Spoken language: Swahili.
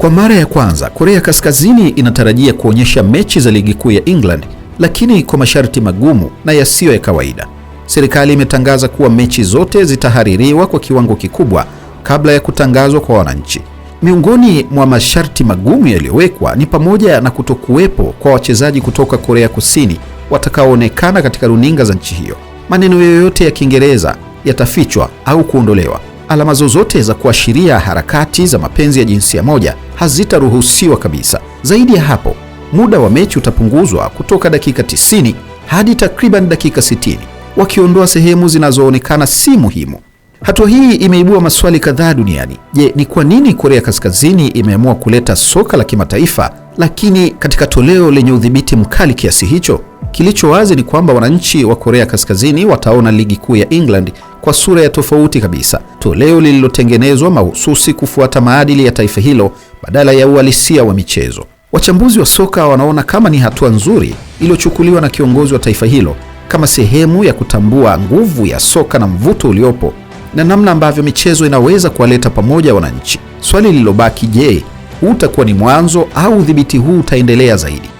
Kwa mara ya kwanza, Korea Kaskazini inatarajia kuonyesha mechi za ligi kuu ya England, lakini kwa masharti magumu na yasiyo ya kawaida. Serikali imetangaza kuwa mechi zote zitahaririwa kwa kiwango kikubwa kabla ya kutangazwa kwa wananchi. Miongoni mwa masharti magumu yaliyowekwa ni pamoja na kutokuwepo kwa wachezaji kutoka Korea Kusini watakaoonekana katika runinga za nchi hiyo. Maneno yoyote ya Kiingereza yatafichwa au kuondolewa alama zozote za kuashiria harakati za mapenzi ya jinsia moja hazitaruhusiwa kabisa. Zaidi ya hapo, muda wa mechi utapunguzwa kutoka dakika 90 hadi takriban dakika 60, wakiondoa sehemu zinazoonekana si muhimu. Hatua hii imeibua maswali kadhaa duniani. Je, ni kwa nini Korea Kaskazini imeamua kuleta soka la kimataifa lakini katika toleo lenye udhibiti mkali kiasi hicho? Kilicho wazi ni kwamba wananchi wa Korea Kaskazini wataona ligi kuu ya England kwa sura ya tofauti kabisa, toleo lililotengenezwa mahususi kufuata maadili ya taifa hilo badala ya uhalisia wa michezo. Wachambuzi wa soka wanaona kama ni hatua nzuri iliyochukuliwa na kiongozi wa taifa hilo kama sehemu ya kutambua nguvu ya soka na mvuto uliopo na namna ambavyo michezo inaweza kuwaleta pamoja wananchi. Swali lililobaki, je, huu utakuwa ni mwanzo au udhibiti huu utaendelea zaidi?